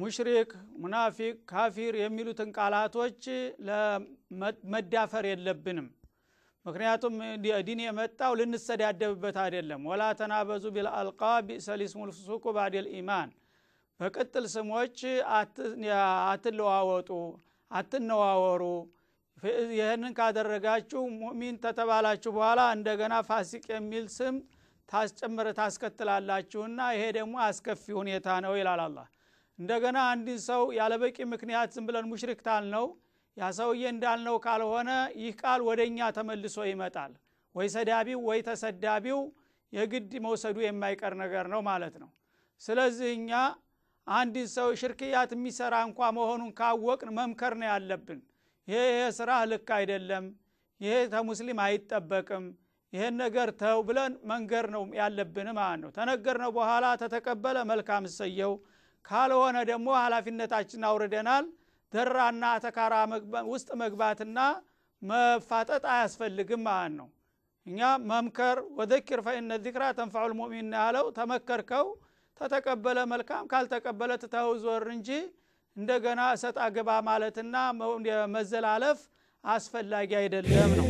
ሙሽሪክ፣ ሙናፊቅ፣ ካፊር የሚሉትን ቃላቶች መዳፈር የለብንም። ምክንያቱም ዲን የመጣው ልንሰዳደብበት አይደለም። ወላ ተናበዙ ቢልአልቃ ቢእሰሊስሙል ልፍሱቁ ባዴል ኢማን። በቅጥል ስሞች አትለዋወጡ፣ አትነዋወሩ ይህንን ካደረጋችሁ ሙእሚን ተተባላችሁ በኋላ እንደገና ፋሲቅ የሚል ስም ታስጨምረ ታስከትላላችሁና ይሄ ደግሞ አስከፊ ሁኔታ ነው ይላል አላ እንደገና አንድን ሰው ያለበቂ ምክንያት ዝም ብለን ሙሽሪክ ታልነው ያ ሰውዬ እንዳልነው ካልሆነ ይህ ቃል ወደ እኛ ተመልሶ ይመጣል ወይ ሰዳቢው ወይ ተሰዳቢው የግድ መውሰዱ የማይቀር ነገር ነው ማለት ነው ስለዚህ እኛ አንድን ሰው ሽርክያት የሚሰራ እንኳ መሆኑን ካወቅን መምከር ነው ያለብን ይሄ ይሄ ስራ ልክ አይደለም፣ ይሄ ተሙስሊም አይጠበቅም፣ ይሄን ነገር ተው ብለን መንገር ነው ያለብን ማለት ነው። ተነገር ነው በኋላ ተተቀበለ መልካም ሰየው፣ ካልሆነ ደግሞ ሀላፊነታችን አውርደናል። ደራና ተካራ ውስጥ መግባትና መፋጠጥ አያስፈልግም ማለት ነው። እኛ መምከር ወዘኪር ፈኢነ ዚክራ ተንፋዑ ልሙእሚን ያለው ተመከርከው፣ ተተቀበለ መልካም፣ ካልተቀበለ ትተው ዞር እንጂ እንደገና እሰጥ ገባ ማለትና መዘላለፍ አስፈላጊ አይደለም ነው